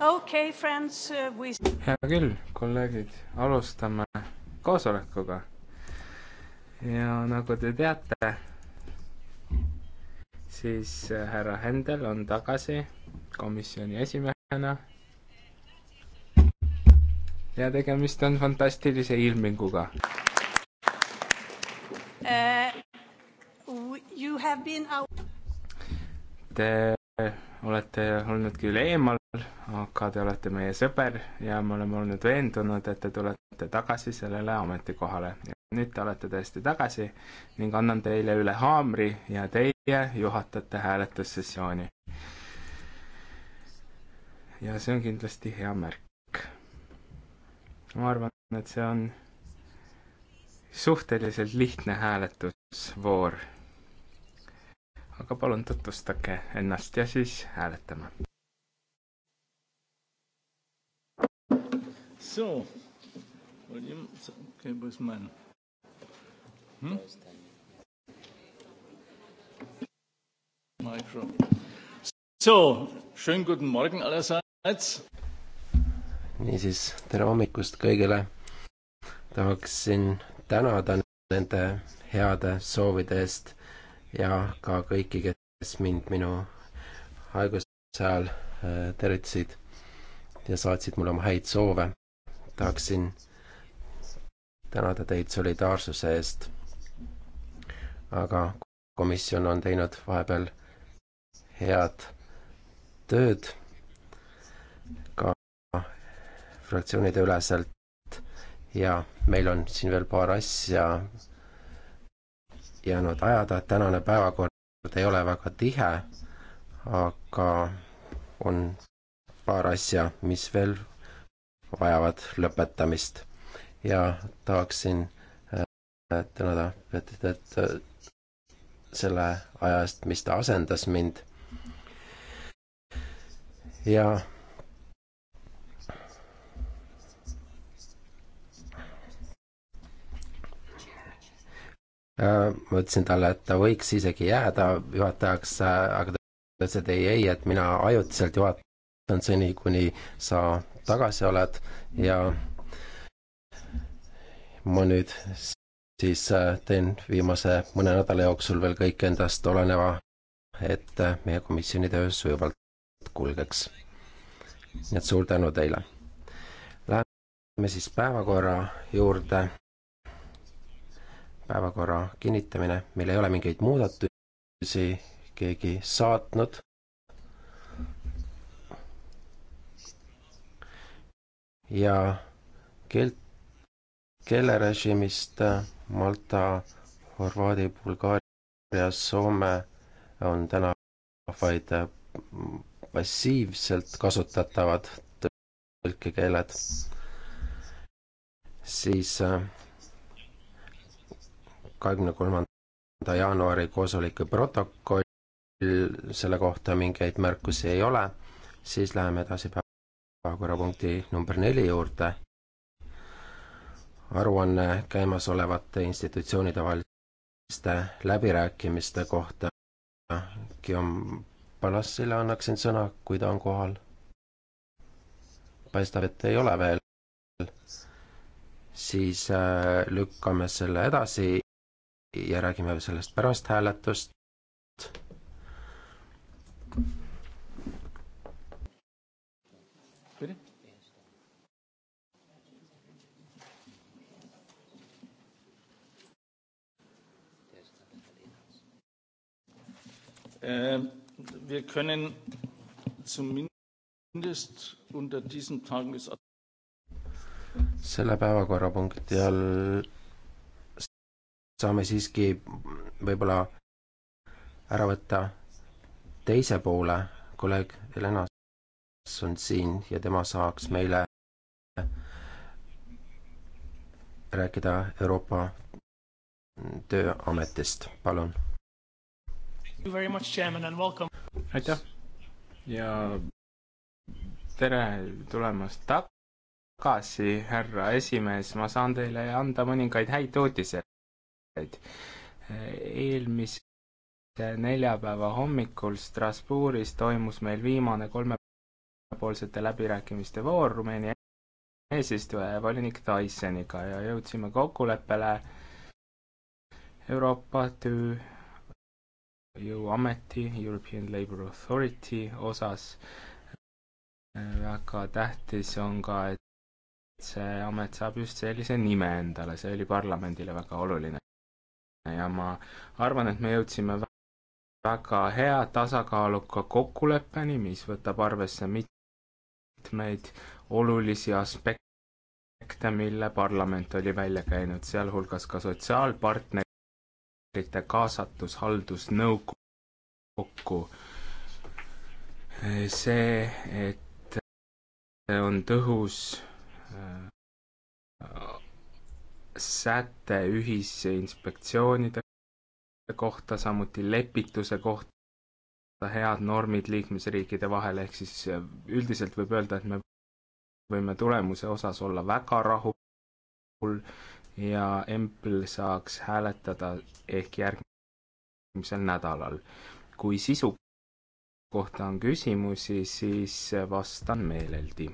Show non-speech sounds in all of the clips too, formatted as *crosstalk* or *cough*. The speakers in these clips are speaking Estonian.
okay, friends, uh, we... hea küll, kolleegid, alustame koosolekuga. ja nagu te teate, siis äh, härra Händel on tagasi komisjoni esimehena. ja tegemist on fantastilise ilminguga uh,. Te olete olnud küll eemal, aga te olete meie sõber ja me oleme olnud veendunud, et te tulete tagasi sellele ametikohale. nüüd te olete tõesti tagasi ning annan teile üle haamri ja teie juhatate hääletussessiooni. ja see on kindlasti hea märk. ma arvan, et see on suhteliselt lihtne hääletusvoor aga palun tutvustage ennast ja siis hääletame. So, William, okay, was mine? Hm? Micro. So, schönen guten Morgen allerseits. niisiis, tere hommikust kõigile. tahaksin tänada nende heade soovide eest ja ka kõiki, kes mind minu haiguse ajal äh, tervitasid ja saatsid mulle oma häid soove. tahaksin tänada teid solidaarsuse eest. aga komisjon on teinud vahepeal head tööd ka fraktsioonide üleselt ja meil on siin veel paar asja, jäänud ajada, tänane päevakord ei ole väga tihe, aga on paar asja, mis veel vajavad lõpetamist. ja tahaksin äh, tänada Petrit äh, selle aja eest, mis ta asendas mind. ja Äh, ma ütlesin talle, et ta võiks isegi jääda juhatajaks, äh, aga ta ütles, et ei, ei, et mina ajutiselt juhatan seni, kuni sa tagasi oled ja ma nüüd siis äh, teen viimase mõne nädala jooksul veel kõik endast oleneva, et meie komisjoni töö sujuvalt kulgeks. nii et suur tänu teile. Läheme siis päevakorra juurde päevakorra kinnitamine, meil ei ole mingeid muudatusi keegi saatnud. ja keelt, keelerežiimist äh, Malta, Horvaadi, Bulgaaria, Soome on täna vaid äh, passiivselt kasutatavad tõlkekeeled, siis äh, kahekümne kolmanda jaanuari koosoleku protokoll, selle kohta mingeid märkusi ei ole, siis läheme edasi päevakorrapunkti number neli juurde. aruanne käimasolevate institutsioonide vaheliste läbirääkimiste kohta. Guillaume Palassile annaksin sõna, kui ta on kohal. paistab, et ei ole veel siis äh, lükkame selle edasi ja räägime sellest pärast hääletust. Ähm, wir können zumindest unter diesem Tages- selle päevakorrapunkti all saame siiski võib-olla ära võtta teise poole, kolleeg Helena on siin ja tema saaks meile rääkida Euroopa Tööametist, palun. aitäh ja tere tulemast tagasi, härra esimees, ma saan teile anda mõningaid häid uudiseid Eh, eelmise neljapäeva hommikul Strasbourgis toimus meil viimane kolmepoolsete läbirääkimiste voor Rumeenia eesistuja ja volinik Tysoniga ja jõudsime kokkuleppele Euroopa Tööjõuameti, European Labour Authority osas. Eh, väga tähtis on ka, et see amet saab just sellise nime endale, see oli parlamendile väga oluline ja ma arvan, et me jõudsime väga hea tasakaaluka kokkuleppeni, mis võtab arvesse mitmeid olulisi aspekte, mille parlament oli välja käinud, sealhulgas ka sotsiaalpartnerite kaasatus haldusnõukokku. see, et on tõhus äh, säte ühisinspektsioonide kohta, samuti lepituse kohta head normid liikmesriikide vahel, ehk siis äh, üldiselt võib öelda, et me võime tulemuse osas olla väga rahul ja Empl saaks hääletada ehk järgmisel nädalal. kui sisu kohta on küsimusi, siis äh, vastan meeleldi.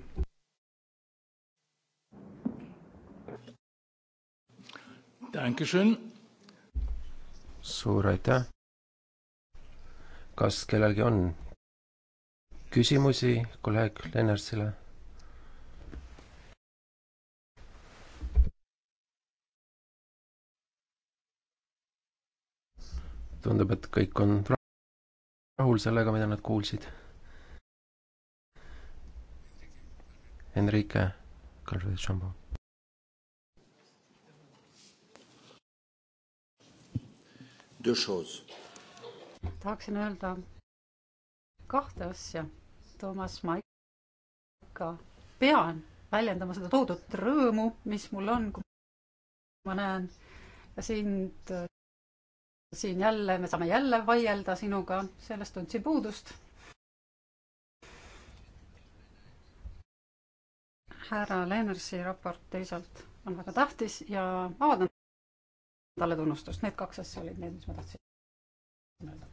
suur aitäh. kas kellelgi on küsimusi kolleeg Lennarsile? tundub, et kõik on rahul sellega, mida nad kuulsid. Enrique Calvez-Chambon. deux choses. tahaksin öelda kahte asja. Toomas, ma ikka pean väljendama seda tohutut rõõmu, mis mul on, kui ma näen sind äh, siin jälle, me saame jälle vaielda sinuga, sellest tundsin puudust. härra Lennartsi raport teisalt on väga tähtis ja avaldan talle tunnustust, need kaks asja olid need, mis ma tahtsin öelda.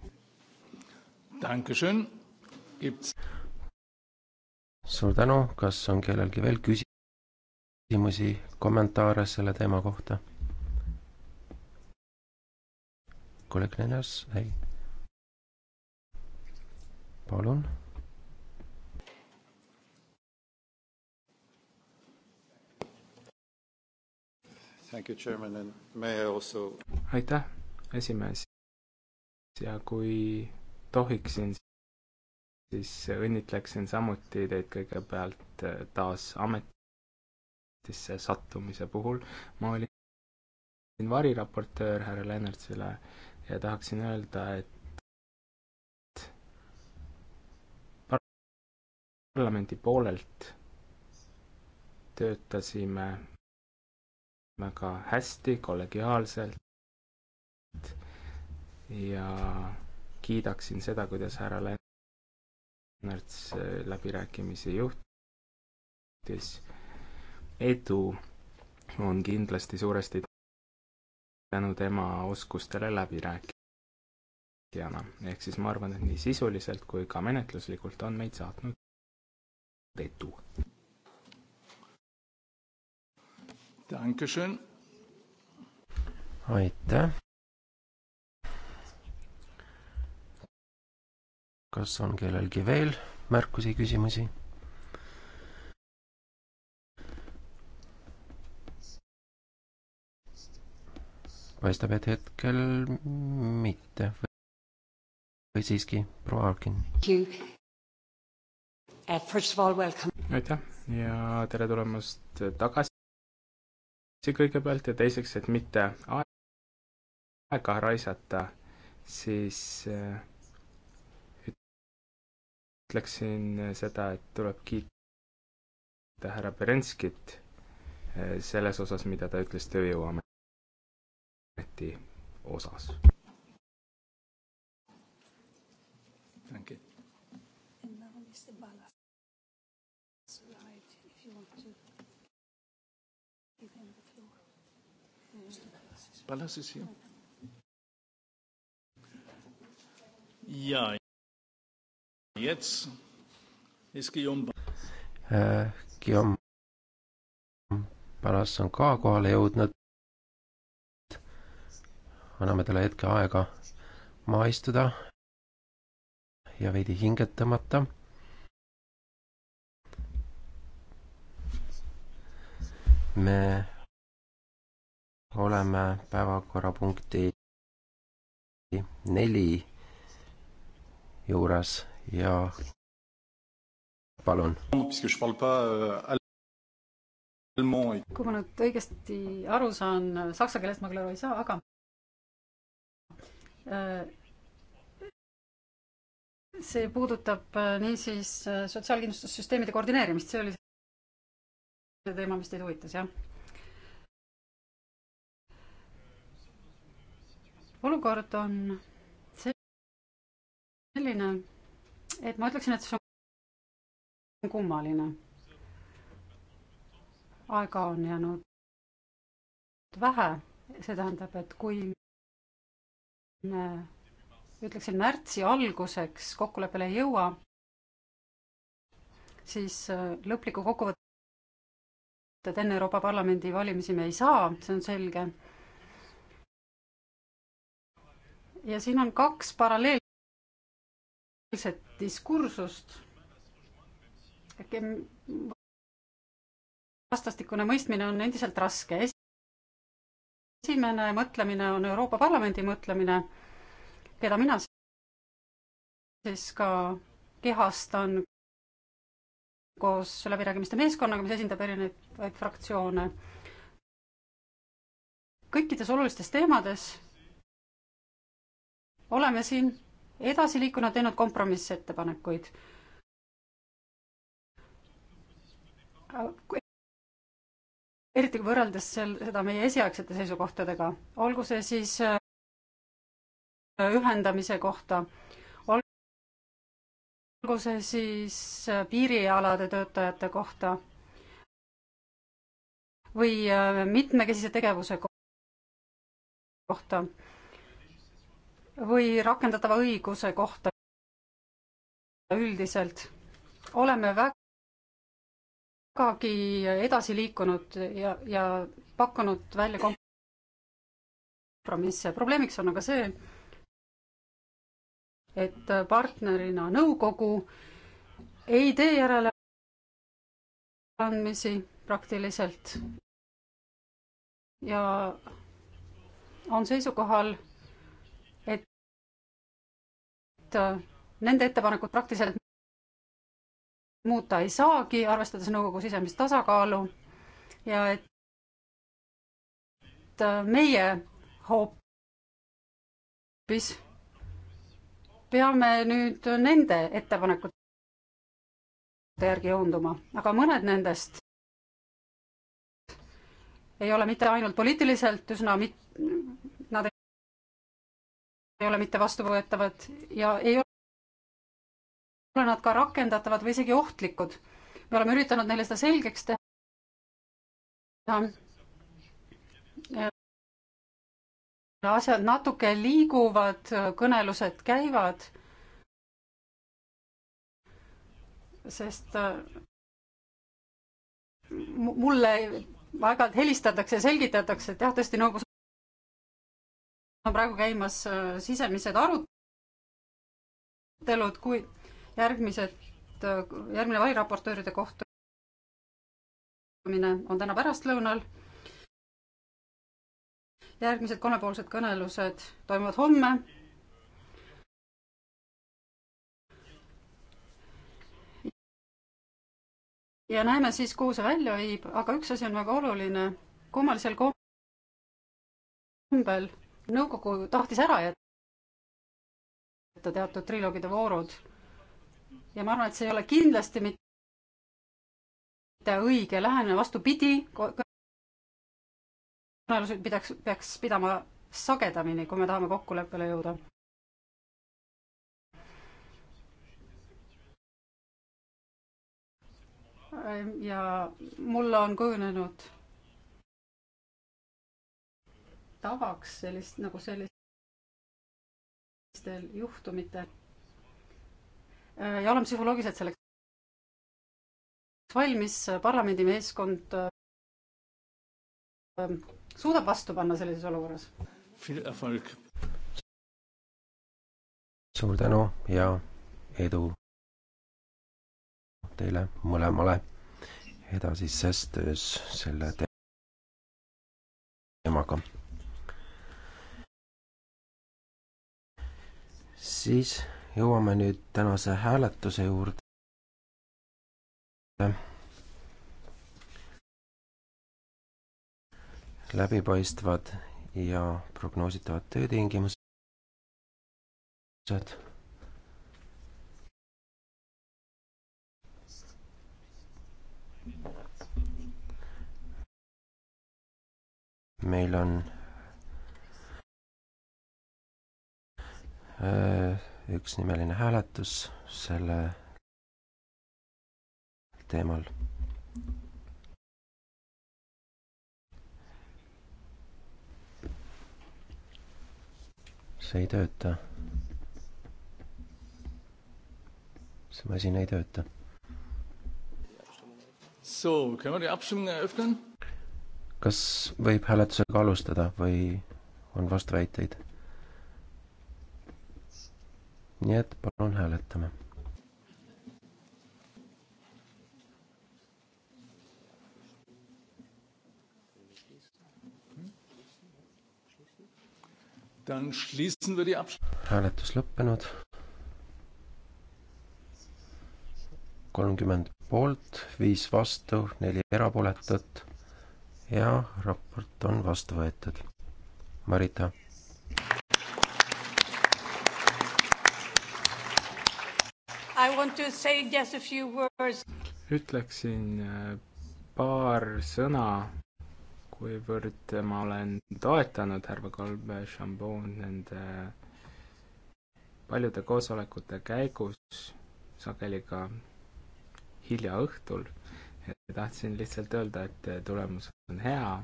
suur tänu, kas on kellelgi veel küsimusi, kommentaare selle teema kohta? kolleeg Neljas, ei. palun Also... aitäh, esimees. ja kui tohiksin, siis õnnitleksin samuti teid kõigepealt äh, taas ametisse sattumise puhul. ma olin variraportöör härra Lennartsile ja tahaksin öelda, et parlamendi poolelt töötasime väga hästi, kollegiaalselt ja kiidaksin seda, kuidas härra Lennarts äh, läbirääkimisi juhtis. edu on kindlasti suuresti tänu tema oskustele läbirääkijana. ehk siis ma arvan, et nii sisuliselt kui ka menetluslikult on meid saatnud edu. aitäh. kas on kellelgi veel märkusi, küsimusi? paistab, et hetkel mitte või siiski proua Arkin. Uh, aitäh ja tere tulemast tagasi see kõigepealt ja teiseks, et mitte aega raisata, siis äh, ütleksin seda, et tuleb kiita härra Berenskit äh, selles osas, mida ta ütles Tööjõuameti osas. Thank you. Ballas ist hier. Ja, jetzt ist Guillaume. Äh, Guillaume Ballas on ka kohale jõudnud. anname talle hetke aega maha istuda ja veidi hinget tõmmata me oleme päevakorrapunkti neli juures ja palun. kui ma nüüd õigesti aru saan, saksa keelest ma küll aru ei saa, aga äh, see puudutab äh, niisiis äh, sotsiaalkindlustussüsteemide koordineerimist, see oli see teema, mis teid huvitas, jah? olukord on selline, et ma ütleksin, et see on kummaline. aega on jäänud vähe, see tähendab, et kui me ütleksin märtsi alguseks kokkuleppele ei jõua, siis äh, lõplikku kokkuvõtet enne Euroopa Parlamendi valimisi me ei saa, see on selge ja siin on kaks paralleelset diskursust. vastastikune mõistmine on endiselt raske. esimene mõtlemine on Euroopa Parlamendi mõtlemine, keda mina siis ka kehastan koos läbirääkimiste meeskonnaga, mis esindab erinevaid fraktsioone. kõikides olulistes teemades oleme siin edasi liikunud, teinud kompromissettepanekuid. eriti võrreldes sel, seda meie esialgsete seisukohtadega, olgu see siis äh, ühendamise kohta, olgu see siis äh, piirialade töötajate kohta või äh, mitmekesise tegevuse kohta või rakendatava õiguse kohta üldiselt oleme vägagi edasi liikunud ja, ja pakkunud välja kompromisse. probleemiks on aga see, et partnerina nõukogu ei tee järeleandmisi praktiliselt ja on seisukohal et äh, nende ettepanekut praktiliselt muuta ei saagi, arvestades nõukogu sisemist tasakaalu ja et äh, meie hoopis peame nüüd nende ettepanekute järgi joonduma, aga mõned nendest ei ole mitte ainult poliitiliselt üsna mit-, ei ole mitte vastuvõetavad ja ei ole nad ka rakendatavad või isegi ohtlikud. me oleme üritanud neile seda selgeks teha. asjad natuke liiguvad, kõnelused käivad. sest äh, mulle aeg-ajalt helistatakse ja selgitatakse, et jah, tõesti nõukogus on praegu käimas äh, sisemised arutelud, kui järgmised, äh, järgmine variraportööride kohtumine on täna pärastlõunal. järgmised kolmepoolsed kõnelused toimuvad homme ja näeme siis, kuhu see välja viib, aga üks asi on väga oluline, kummalisel kombel nõukogu tahtis ära jätta teatud triloogide voorud. ja ma arvan, et see ei ole kindlasti mitte õige lähenemine, vastupidi, kõnelusi pidaks, peaks pidama sagedamini, kui me tahame kokkuleppele jõuda. ja mul on kujunenud tavaks sellist, nagu sellistel juhtumitel. Äh, ja oleme psühholoogiliselt selleks valmis, parlamendi meeskond äh, suudab vastu panna sellises olukorras. suur tänu ja edu teile mõlemale edasises töös selle teemaga. siis jõuame nüüd tänase hääletuse juurde. läbipaistvad ja prognoositavad töötingimused. meil on Äh, üks nimeline hääletus selle teemal. see ei tööta. see masin ei tööta. kas võib hääletusega alustada või on vastuväiteid? nii et palun hääletame. hääletus lõppenud. kolmkümmend poolt, viis vastu, neli erapooletut ja raport on vastu võetud. Marita ütleksin äh, paar sõna, kuivõrd ma olen toetanud härra Kolbe Šambon nende paljude koosolekute käigus, sageli ka hilja õhtul. tahtsin lihtsalt öelda, et tulemus on hea.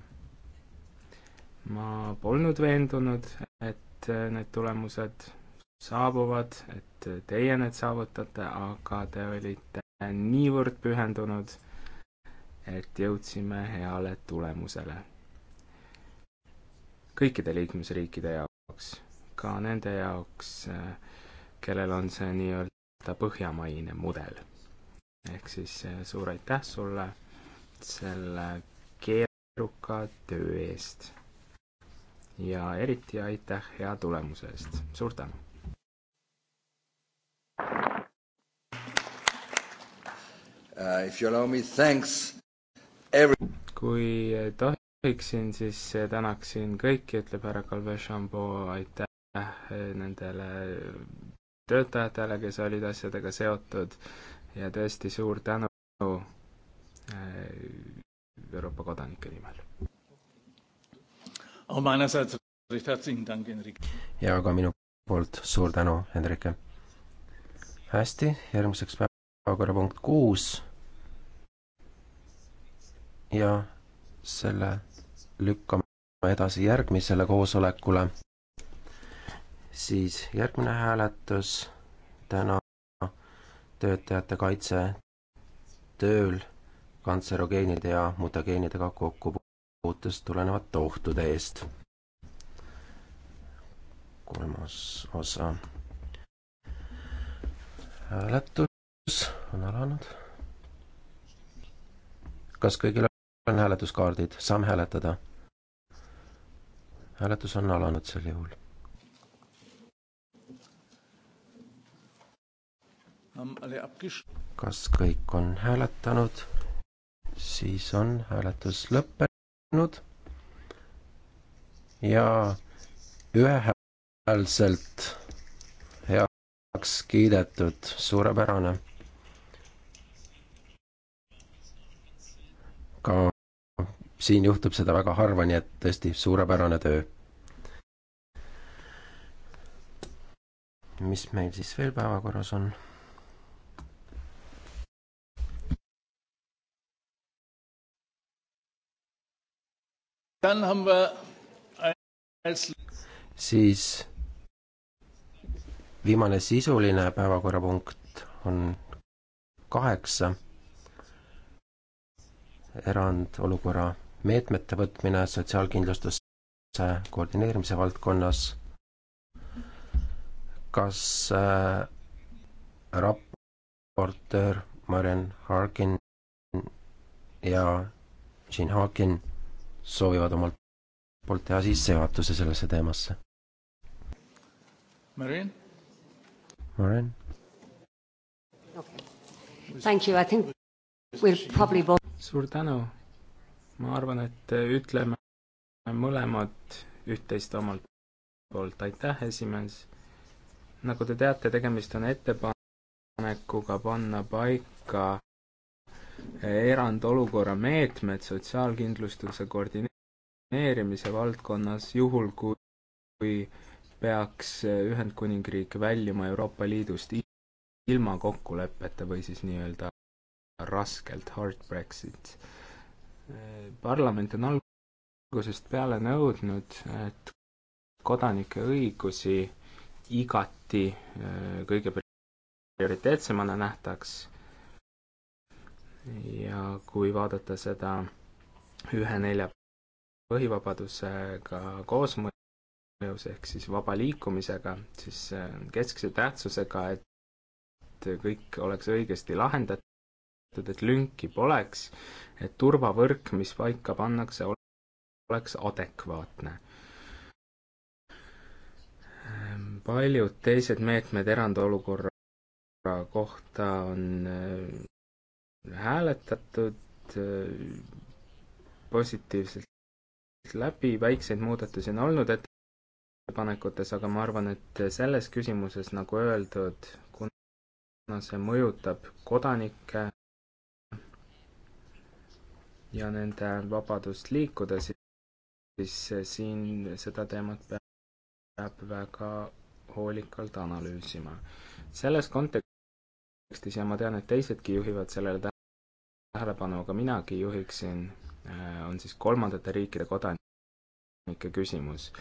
ma polnud veendunud, et need tulemused saabuvad, et teie need saavutate, aga te olite niivõrd pühendunud, et jõudsime heale tulemusele. kõikide liikmesriikide jaoks, ka nende jaoks, kellel on see nii-öelda põhjamaine mudel. ehk siis suur aitäh sulle selle keeruka töö eest ja eriti aitäh hea tulemuse eest, suur tänu! Uh, if you allow me, thanks every kui tohiksin, siis tänaksin kõiki, ütleb härra Calvet-Chambaud, aitäh nendele töötajatele, kes olid asjadega seotud ja tõesti suur tänu eh, Euroopa kodanike nimel. ja ka minu poolt suur tänu, Hendrik. hästi, järgmiseks päevaks päevakorrapunkt kuus ja selle lükkame edasi järgmisele koosolekule. siis järgmine hääletus täna töötajate kaitse tööl kantserogeenide ja mutageenidega kokkupuutest tulenevate ohtude eest. kolmas osa hääletus on alanud. kas kõigil on hääletuskaardid, saame hääletada? hääletus on alanud sel juhul kas kõik on hääletanud? siis on hääletus lõppenud ja ühehäälselt heaks kiidetud, suurepärane aga siin juhtub seda väga harva, nii et tõesti suurepärane töö. mis meil siis veel päevakorras on? siis viimane sisuline päevakorrapunkt on kaheksa erandolukorra meetmete võtmine sotsiaalkindlustuse koordineerimise valdkonnas. kas äh, raportöör Marian Harkin ja Jean Harkin soovivad omalt poolt teha sissejuhatuse sellesse teemasse? Marian? Marian? Thank you, I think we'll probably both suur tänu. ma arvan, et ütleme mõlemad üht-teist omalt poolt. aitäh, esimees. nagu te teate, tegemist on ettepanekuga panna paika erandolukorra meetmed sotsiaalkindlustuse koordineerimise valdkonnas, juhul kui peaks Ühendkuningriik väljuma Euroopa Liidust ilma kokkuleppeta või siis nii-öelda raskelt hard Brexit. parlament on algusest peale nõudnud, et kodanike õigusi igati äh, kõige prioriteetsemana nähtaks ja kui vaadata seda ühe nelja põhivabadusega koosmõjus ehk siis vaba liikumisega, siis äh, keskse tähtsusega, et kõik oleks õigesti lahendatud, et lünki poleks, et turvavõrk, mis paika pannakse, oleks adekvaatne. paljud teised meetmed erandolukorra kohta on äh, hääletatud äh, positiivselt läbi, väikseid muudatusi on olnud ettepanekutes, aga ma arvan, et selles küsimuses, nagu öeldud, kuna see mõjutab kodanikke, ja nende vabadust liikuda, siis siin seda teemat peab väga hoolikalt analüüsima. selles kontekstis ja ma tean, et teisedki juhivad sellele tähelepanu, aga minagi juhiksin, äh, on siis kolmandate riikide kodanike küsimus.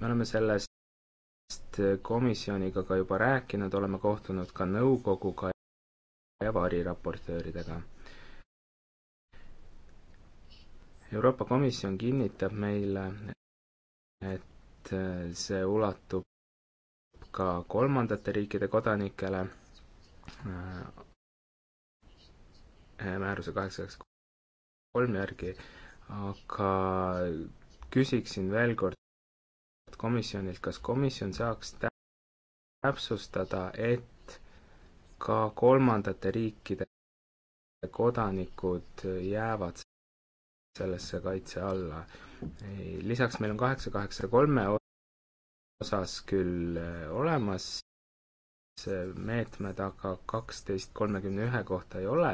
me oleme sellest komisjoniga ka juba rääkinud, oleme kohtunud ka nõukoguga ja variraportööridega. Euroopa Komisjon kinnitab meile, et äh, see ulatub ka kolmandate riikide kodanikele äh, äh, määruse kaheksa üheksa kolm järgi, aga küsiksin veel kord komisjonilt, kas komisjon saaks täpsustada, et ka kolmandate riikide kodanikud jäävad sellesse kaitse alla. lisaks meil on kaheksa, kaheksa, kolme osas küll eh, olemas meetmed, aga kaksteist kolmekümne ühe kohta ei ole.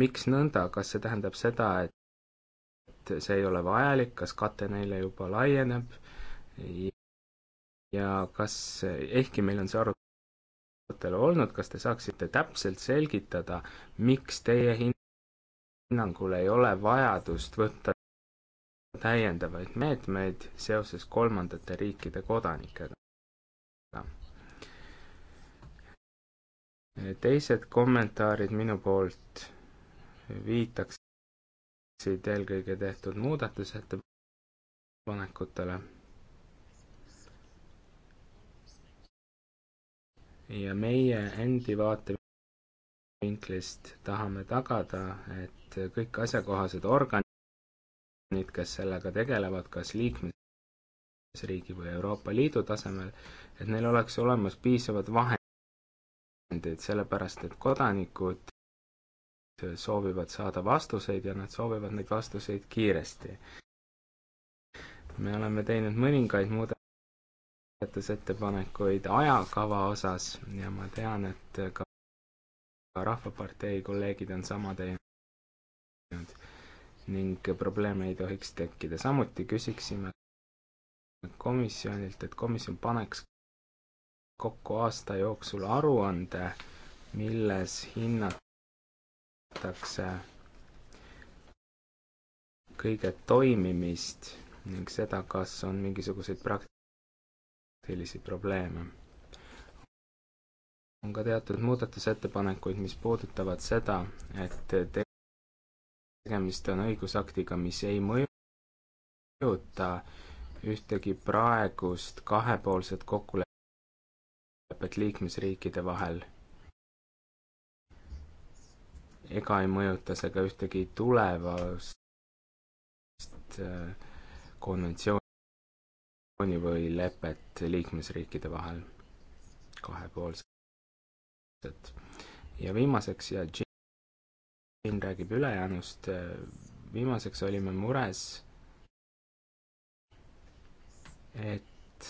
miks nõnda, kas see tähendab seda, et et see ei ole vajalik, kas kate neile juba laieneb ja kas, ehkki meil on see arutelu olnud, kas te saaksite täpselt selgitada, miks teie hin-, hinnangul ei ole vajadust võtta täiendavaid meetmeid seoses kolmandate riikide kodanikega. teised kommentaarid minu poolt viitaksid eelkõige tehtud muudatusettepanekutele. ja meie endi vaatevinklist tahame tagada, et et kõik asjakohased organid, kes sellega tegelevad, kas liikmesriigi või Euroopa Liidu tasemel, et neil oleks olemas piisavad vahendid, sellepärast et kodanikud soovivad saada vastuseid ja nad soovivad neid vastuseid kiiresti. me oleme teinud mõningaid muude-, muudatusettepanekuid ajakava osas ja ma tean, et ka Rahvapartei kolleegid on sama teinud ning probleeme ei tohiks tekkida. samuti küsiksime komisjonilt, et komisjon paneks kokku aasta jooksul aruande, milles hinnatakse kõige toimimist ning seda, kas on mingisuguseid praktilisi probleeme. on ka teatud muudatusettepanekuid, mis puudutavad seda, et tegemist on õigusaktiga, mis ei mõjuta ühtegi praegust kahepoolset kokkulepet liikmesriikide vahel. ega ei mõjuta see ka ühtegi tulevast äh, konventsiooni või lepet liikmesriikide vahel kahepoolset. ja viimaseks ja siin räägib ülejäänust, viimaseks olime mures, et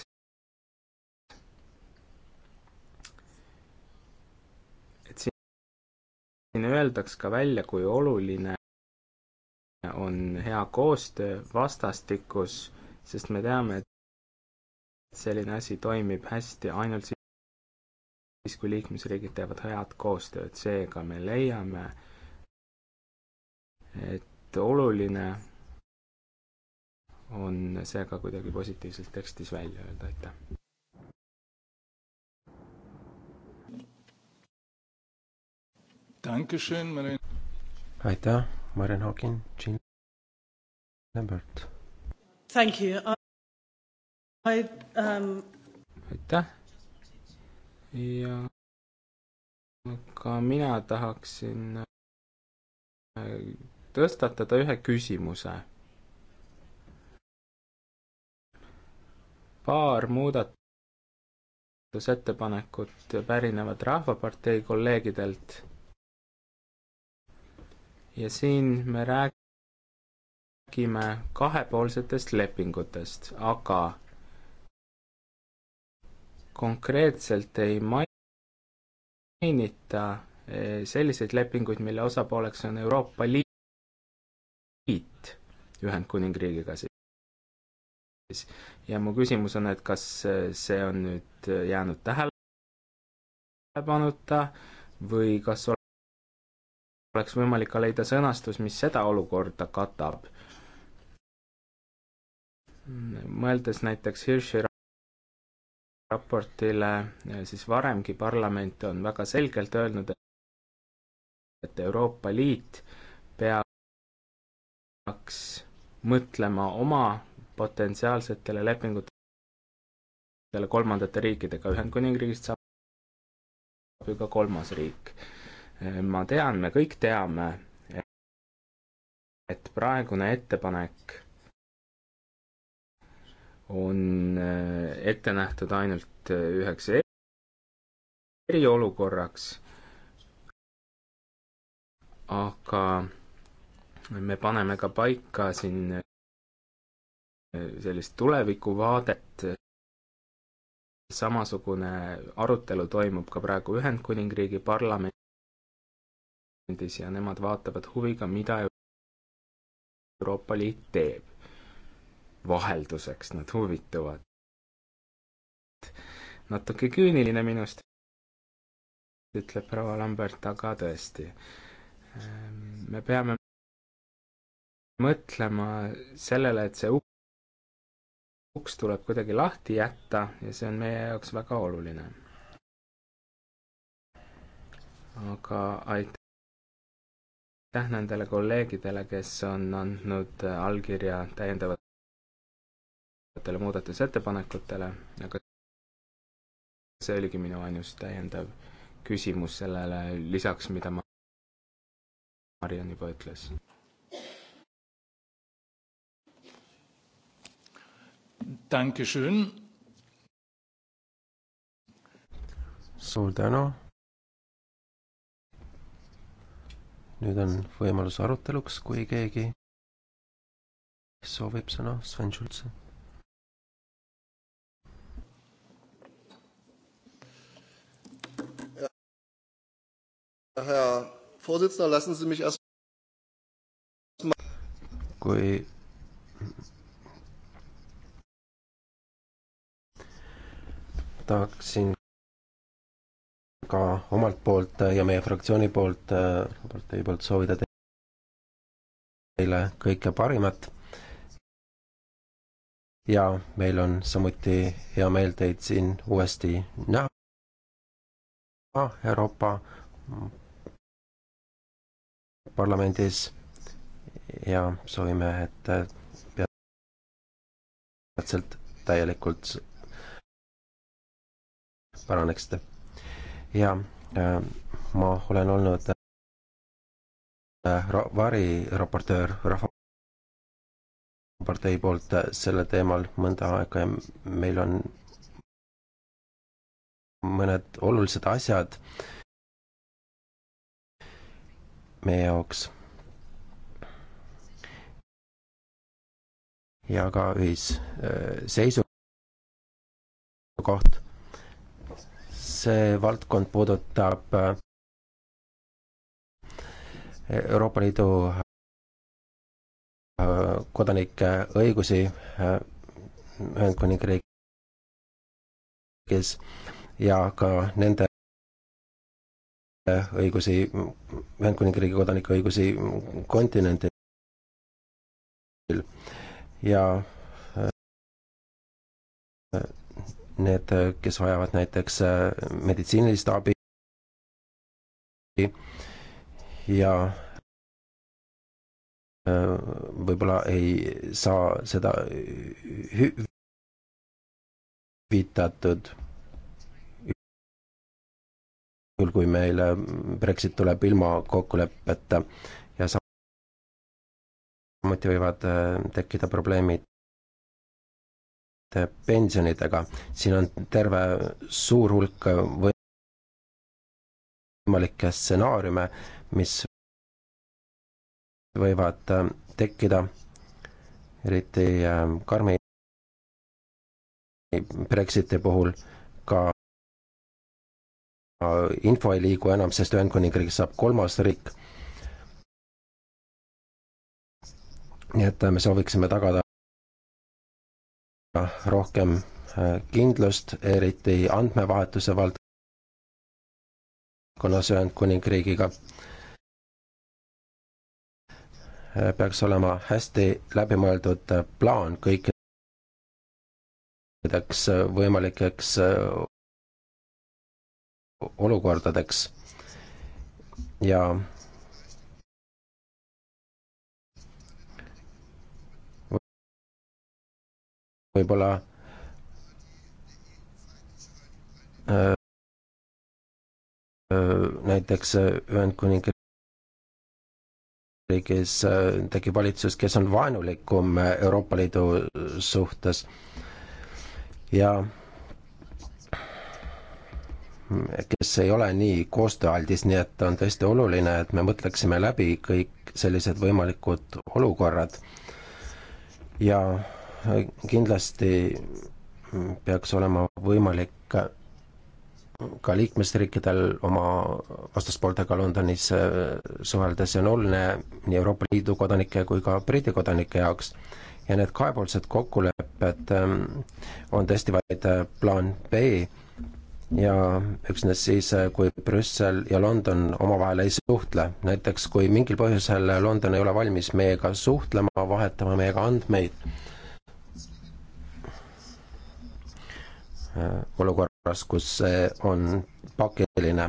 et siin öeldaks ka välja, kui oluline on hea koostöö vastastikus, sest me teame, et selline asi toimib hästi ainult siis, kui liikmesriigid teevad head koostööd, seega me leiame, et oluline on see ka kuidagi positiivselt tekstis välja öelda, aitäh. aitäh, Maren Haagen, Jean Lambert. Um... aitäh ja ka mina tahaksin äh, tõstatada ühe küsimuse. paar muudatusettepanekut pärinevad Rahvapartei kolleegidelt. ja siin me räägime kahepoolsetest lepingutest, aga konkreetselt ei mainita eh, selliseid lepinguid, mille osapooleks on Euroopa Liit liit Ühendkuningriigiga siis. ja mu küsimus on, et kas see on nüüd jäänud tähelepanuta või kas oleks võimalik ka leida sõnastus, mis seda olukorda katab. mõeldes näiteks Hirši raportile, siis varemgi parlament on väga selgelt öelnud, et Euroopa Liit peab peaks mõtlema oma potentsiaalsetele lepingutele kolmandate riikidega, Ühendkuningriigist saab ju ka kolmas riik. ma tean, me kõik teame, et praegune ettepanek on äh, ette nähtud ainult äh, üheks eriolukorraks, aga me paneme ka paika siin äh, sellist tulevikuvaadet, samasugune arutelu toimub ka praegu Ühendkuningriigi parlamendis ja nemad vaatavad huviga, mida Euroopa Liit teeb. vahelduseks nad huvituvad. natuke küüniline minust, ütleb proua Lambert, aga tõesti. Äh, me peame mõtlema sellele, et see uks tuleb kuidagi lahti jätta ja see on meie jaoks väga oluline. aga aitäh nendele kolleegidele, kes on andnud allkirja täiendavatele muudatusettepanekutele, aga see oligi minu ainus täiendav küsimus sellele lisaks, mida ma Mariann juba ütles. Dankeschön. suur tänu. nüüd on võimalus aruteluks, kui keegi soovib sõna, Sven Schulze. Herr Vorsitzender, lassen Sie mich erst mal... kui tahaksin ka omalt poolt ja meie fraktsiooni poolt, Roberti poolt soovida teile kõike parimat. ja meil on samuti hea meel teid siin uuesti näha. Ah, Euroopa Parlamendis ja soovime, et peatselt täielikult paraneksite. ja äh, ma olen olnud äh, ra-, variraportöör Rahvapartei poolt äh, sellel teemal mõnda aega ja meil on mõned olulised asjad meie jaoks. ja ka ühisseisukoht see valdkond puudutab eh, Euroopa Liidu eh, kodanike õigusi eh, Ühendkuningriigis ja ka nende õigusi, Ühendkuningriigi kodanike õigusi kontinendil ja need, kes vajavad näiteks äh, meditsiinilist abi ja äh, võib-olla ei saa seda hüvitatud, juhul kui meil Brexit tuleb ilma kokkuleppeta ja samuti võivad äh, tekkida probleemid pensionidega. siin on terve suur hulk võimalikke stsenaariume, mis võivad äh, tekkida, eriti äh, karmi Brexiti puhul ka äh, info ei liigu enam, sest Ühendkuningriigist saab kolmas riik. nii et me sooviksime tagada rohkem äh, kindlust, eriti andmevahetuse valdkonnas Ühendkuningriigiga. Äh, peaks olema hästi läbimõeldud äh, plaan kõikideks võimalikeks olukordadeks ja võib-olla äh, äh, näiteks äh, Ühendkuningriigis tekib valitsus, kes on vaenulikum Euroopa Liidu suhtes ja mm, kes ei ole nii koostööaldis, nii et on tõesti oluline, et me mõtleksime läbi kõik sellised võimalikud olukorrad ja kindlasti peaks olema võimalik ka liikmesriikidel oma vastaspooltega Londonis äh, suhelda, see on oluline nii Euroopa Liidu kodanike kui ka Briti kodanike jaoks. ja need kahepoolsed kokkulepped ähm, on tõesti vaid äh, plaan B ja üksnes siis, äh, kui Brüssel ja London omavahel ei suhtle. näiteks kui mingil põhjusel London ei ole valmis meiega suhtlema, vahetama meiega andmeid Äh, olukorras, kus see on pakiline.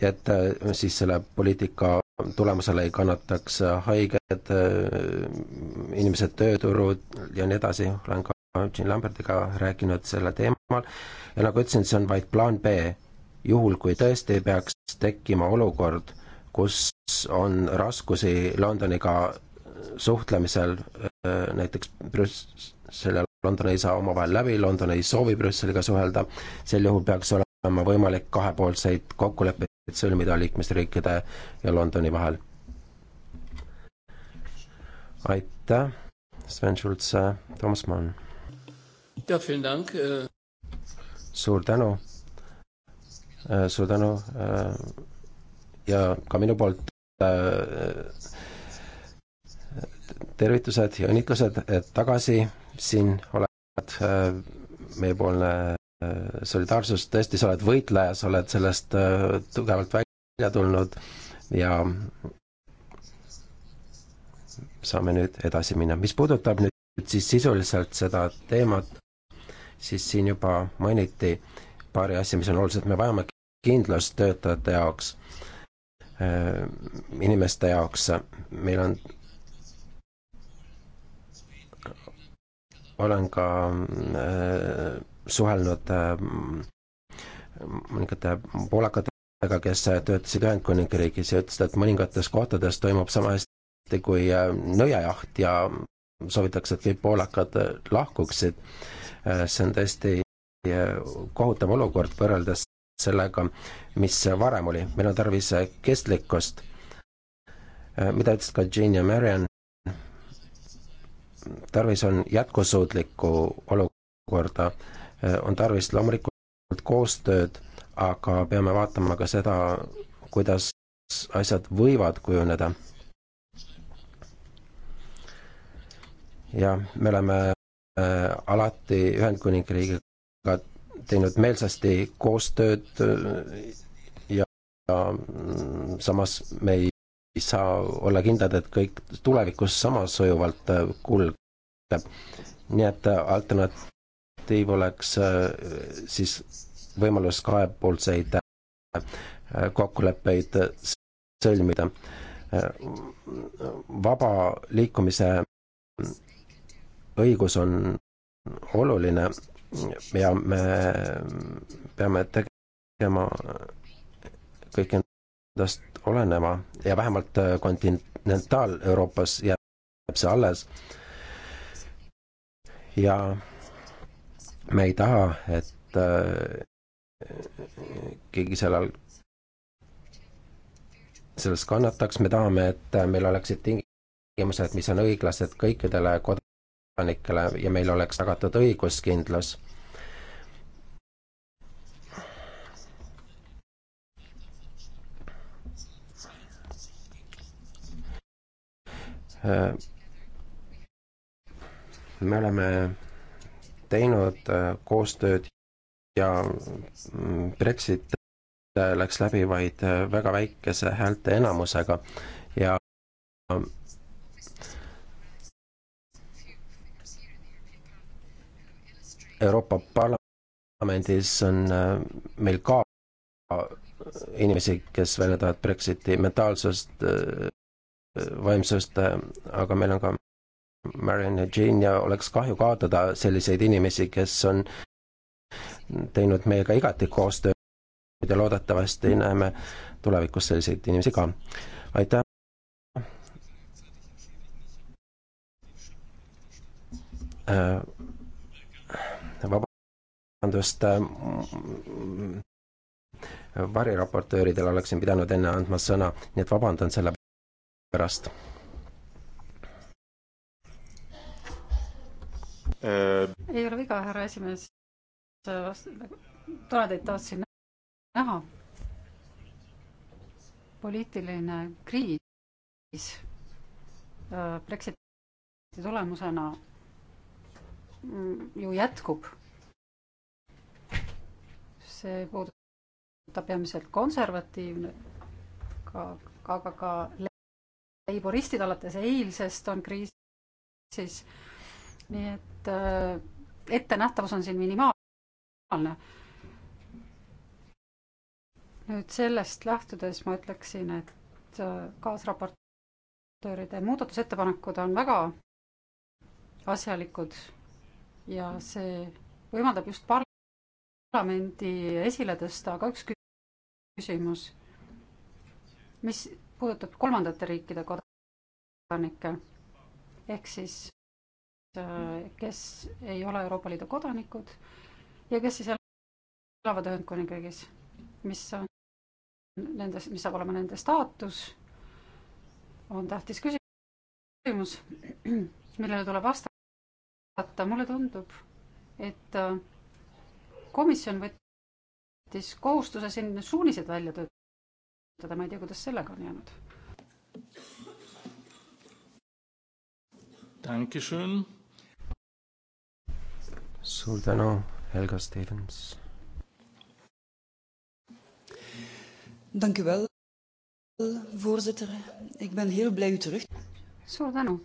et äh, siis selle poliitika tulemusel ei kannataks äh, haiged, inimesed tööturud ja nii edasi, olen ka Jean Lambertiga rääkinud selle teemal ja nagu ütlesin, see on vaid plaan B, juhul kui tõesti peaks tekkima olukord, kus on raskusi Londoniga suhtlemisel näiteks Brüsseli London ei saa omavahel läbi, London ei soovi Brüsseliga suhelda, sel juhul peaks olema võimalik kahepoolseid kokkuleppeid sõlmida liikmesriikide ja Londoni vahel. aitäh, Sven Schulze, Toomas Mann. Äh, suur tänu, äh, suur tänu äh, ja ka minu poolt tervitused ja õnnitlused, et tagasi siin oled äh, meiepoolne äh, solidaarsus, tõesti, sa oled võitleja, sa oled sellest äh, tugevalt välja tulnud ja saame nüüd edasi minna. mis puudutab nüüd siis sisuliselt seda teemat, siis siin juba mainiti paari asja, mis on olulised, me vajame kindlust töötajate jaoks, inimeste jaoks, meil on olen ka äh, suhelnud äh, mõningate poolakatega, kes töötasid Ühendkuningriigis ja ütlesid, et mõningates kohtades toimub sama hästi kui äh, nõiajaht ja soovitakse, et kõik poolakad lahkuksid. see on tõesti kohutav olukord võrreldes sellega, mis varem oli. meil on tarvis kestlikkust, mida ütlesid ka Jean ja Marian, tarvis on jätkusuutlikku olukorda, on tarvis loomulikult koostööd, aga peame vaatama ka seda, kuidas asjad võivad kujuneda. jah, me oleme äh, alati Ühendkuningriigiga teinud meelsasti koostööd äh, ja, ja samas me ei saa olla kindlad, et kõik tulevikus sama sujuvalt äh, kulgeb. nii et äh, alternatiiv oleks äh, siis võimalus kahepoolseid kokkuleppeid sõlmida. vaba liikumise õigus on oluline ja me peame tegema kõik endast olenema ja vähemalt äh, kontinentaal-Euroopas jääb see alles. ja me ei taha, et äh, keegi sellel, selles kannataks, me tahame, et äh, meil oleksid tingimused, mis on õiglased kõikidele kodanikele ja meil oleks tagatud õiguskindlus Äh, me oleme teinud äh, koostööd ja mm, Brexit äh, läks läbi vaid väga väikese häälte enamusega ja Euroopa Parlamendis on meil ka inimesi, kes väljendavad Brexiti mentaalsust vaimsust, aga meil on ka Marion ja Jean ja oleks kahju kaotada selliseid inimesi, kes on teinud meiega igati koostööd ja loodetavasti näeme tulevikus selliseid inimesi ka. aitäh! Äh, vabandust, äh, variraportööridel oleksin pidanud enne andma sõna, nii et vabandan selle pärast. ei ole viga, härra esimees. tore teid taas siin näha. poliitiline kriis äh, Brexiti tulemusena mm, ju jätkub. see puudutab peamiselt konservatiivne, aga, aga ka leiboristid alates eilsest on kriisis. nii et äh, ettenähtavus on siin minimaalne. nüüd sellest lähtudes ma ütleksin, et äh, kaasraportööride muudatusettepanekud on väga asjalikud ja see võimaldab just parlamendi esile tõsta, aga üks küsimus, mis puudutab kolmandate riikide kodanikke, ehk siis äh, kes ei ole Euroopa Liidu kodanikud ja kes siis elavad Ühendkuningriigis, mis on nende, mis saab olema nende staatus, on tähtis küsimus, *clears throat* millele tuleb vastata. mulle tundub, et äh, komisjon võttis kohustuse siin suunised välja töötada teda ma ei tea, kuidas sellega on jäänud. Dankeschön. suur tänu, Helga Stevens. Dank u wel, voorzitter. Ik ben heel blij u terug. suur tänu.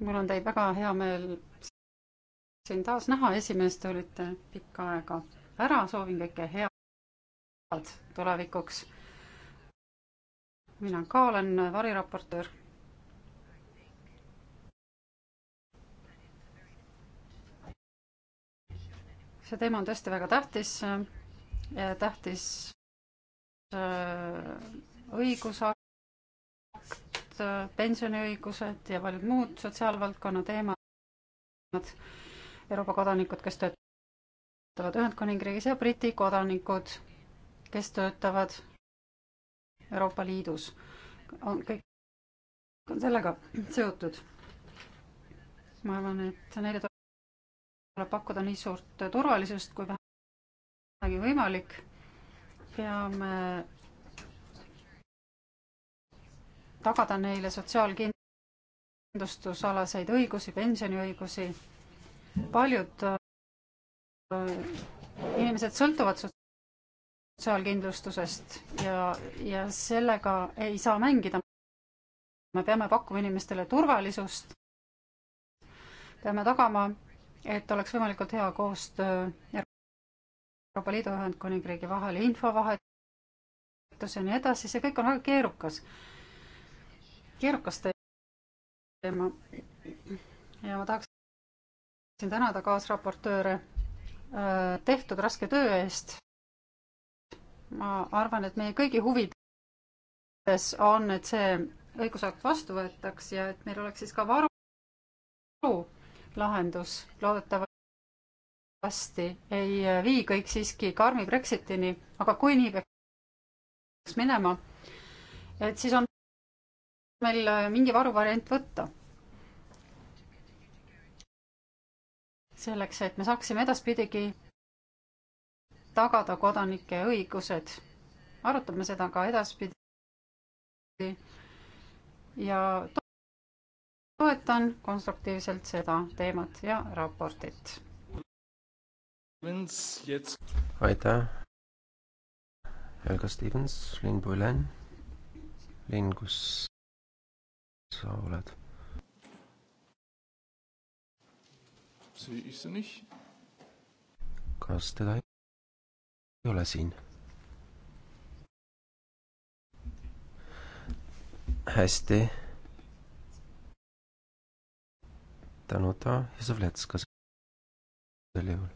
mul on teid väga hea meel siin taas näha, esimest olite pikka aega ära, soovin kõike head head tulevikuks. mina ka olen variraportöör. see teema on tõesti väga tähtis, tähtis äh, õigusakt, pensioniõigused ja paljud muud sotsiaalvaldkonna teemad. Euroopa kodanikud, kes töötavad Ühendkuningriigis ja Briti kodanikud kes töötavad Euroopa Liidus, on kõik, on sellega seotud. ma arvan, et neile tuleb pakkuda nii suurt turvalisust kui vähegi võimalik. peame tagada neile sotsiaalkindlustusalaseid õigusi, pensioniõigusi. paljud äh, inimesed sõltuvad sotsiaalkindlustusest sotsiaalkindlustusest ja, ja sellega ei saa mängida. me peame pakkuma inimestele turvalisust. peame tagama, et oleks võimalikult hea koostöö Euroopa Liidu ja Ühendkuningriigi vahel infovahetus ja nii edasi, see kõik on väga keerukas, keerukas teema. ja ma tahaksin tänada kaasraportööre äh, tehtud raske töö eest ma arvan, et meie kõigi huvides on, et see õigusakt vastu võetaks ja et meil oleks siis ka varu, varu lahendus. loodetavasti ei vii kõik siiski karmi Brexitini, aga kui nii peaks minema, et siis on meil mingi varuvariant võtta. selleks, et me saaksime edaspidigi tagada kodanike õigused. arutame seda ka edaspidi. ja toetan konstruktiivselt seda teemat ja raportit. aitäh. Helga Stevens, Lynn Bullen. Lynn, kus sa oled? sehe ich sie nicht. Kas teda ei ei ole siin. hästi. Danuta ja Sovletska sel juhul.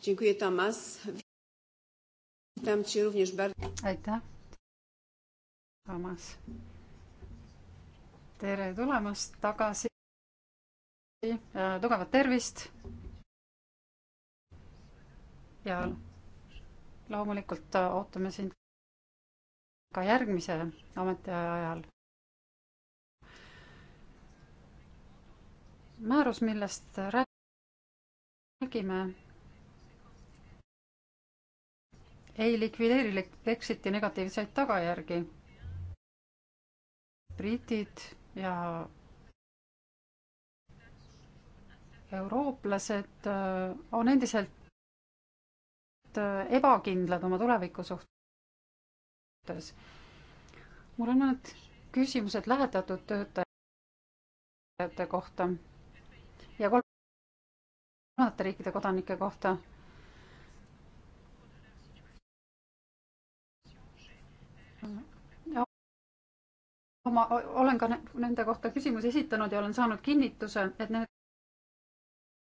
Dziękuję, Tomas. Witam Cię również bardzo. Aitäh, Tomas. tere tulemast tagasi. tugevat tervist ja loomulikult äh, ootame sind ka järgmise ametiaja ajal. määrus, millest räägime, ei likvideeri Brexiti negatiivseid tagajärgi. britid ja eurooplased äh, on endiselt Äh, ebakindlad oma tuleviku suhtes. mul on mõned küsimused lähetatud töötajate kohta ja kolmandate riikide kodanike kohta. ma olen ka nende kohta küsimusi esitanud ja olen saanud kinnituse, et need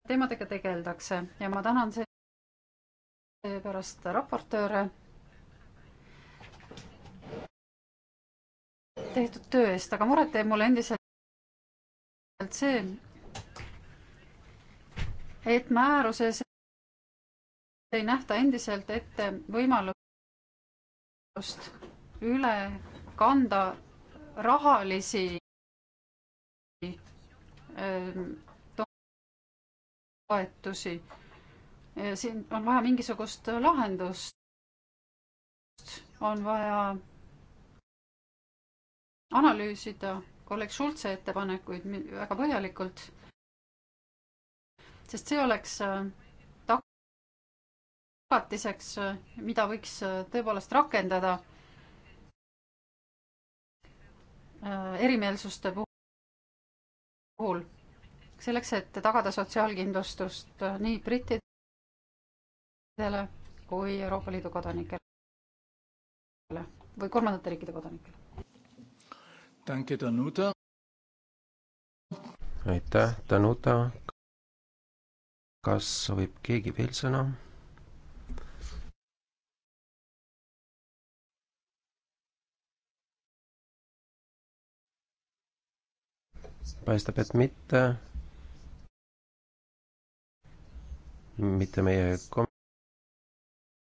teemadega tegeldakse ja ma tänan see pärast raportööre tehtud töö eest, aga muret teeb mulle endiselt see, et määruses ei nähta endiselt ette võimalust üle kanda rahalisi ähm, toetusi äh, siin on vaja mingisugust lahendust. on vaja analüüsida kolleeg Schultze ettepanekuid väga põhjalikult. sest see oleks äh, tagatiseks, äh, mida võiks äh, tõepoolest rakendada erimeelsuste puhul selleks, et tagada sotsiaalkindlustust nii brittidele nendele kui Euroopa Liidu kodanikele või kolmandate riikide kodanikele. aitäh, Danuta. kas soovib keegi veel sõna? paistab, et mitte. mitte meie kom-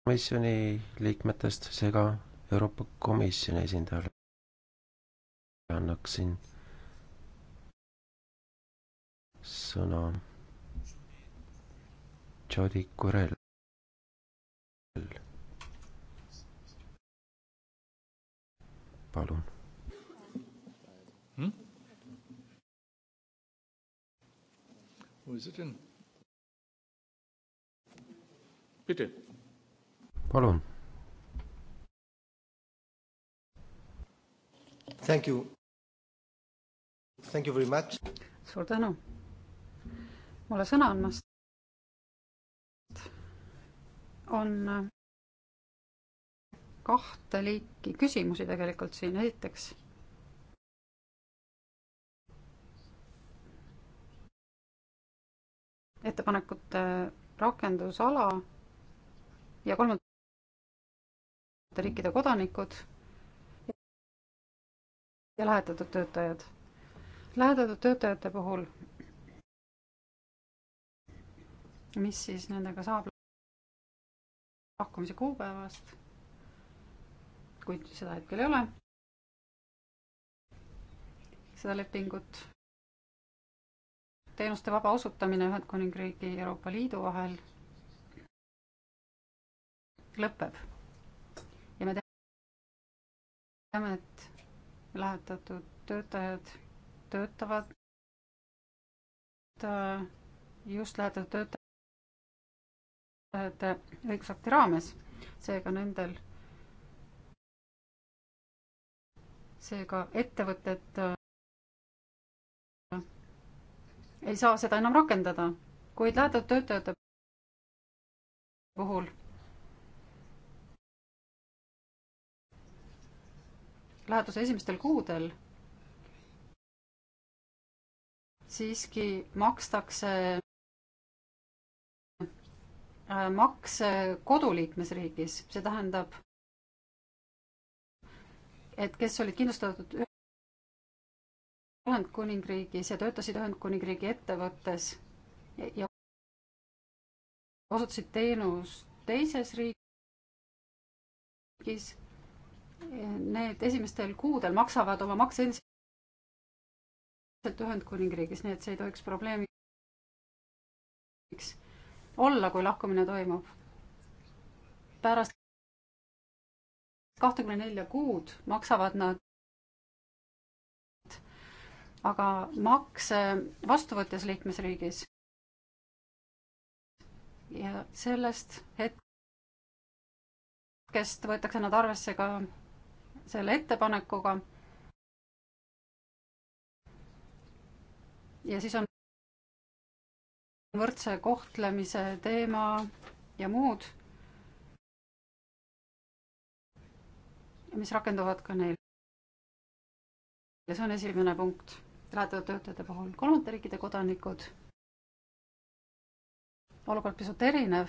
komisjoni liikmetest, seega Euroopa Komisjoni esindajale annaksin sõna Jodi Kurel. palun hmm?. Wo ist sie denn? Bitte palun. Thank you. Thank you very much. suur tänu mulle sõna andmast. on äh, kahte liiki küsimusi tegelikult siin, esiteks ettepanekute rakendusala ja kolmandaks riikide kodanikud ja lähetatud töötajad. lähetatud töötajate puhul, mis siis nendega saab lahkumise kuupäevast, kuid seda hetkel ei ole, seda lepingut, teenuste vaba osutamine Ühendkuningriigi ja Euroopa Liidu vahel lõpeb teame, et lähetatud töötajad töötavad just lähetatud töötajate õigusakti raames, seega nendel, seega ettevõtted äh, ei saa seda enam rakendada, kuid lähetatud töötajate puhul läheduse esimestel kuudel siiski makstakse äh, makse koduliikmesriigis, see tähendab, et kes olid kindlustatud Ühendkuningriigis ja töötasid Ühendkuningriigi ettevõttes ja osutasid teenust teises riigis, need esimestel kuudel maksavad oma makse endiselt Ühendkuningriigis, nii et see ei tohiks probleemiks olla, kui lahkumine toimub. pärast kahtekümne nelja kuud maksavad nad aga makse vastuvõttes liikmesriigis. ja sellest hetkest võetakse nad arvesse ka selle ettepanekuga. ja siis on võrdse kohtlemise teema ja muud, mis rakenduvad ka neil. ja see on esimene punkt lähetatud töötajate puhul. kolmandate riikide kodanikud, olukord pisut erinev.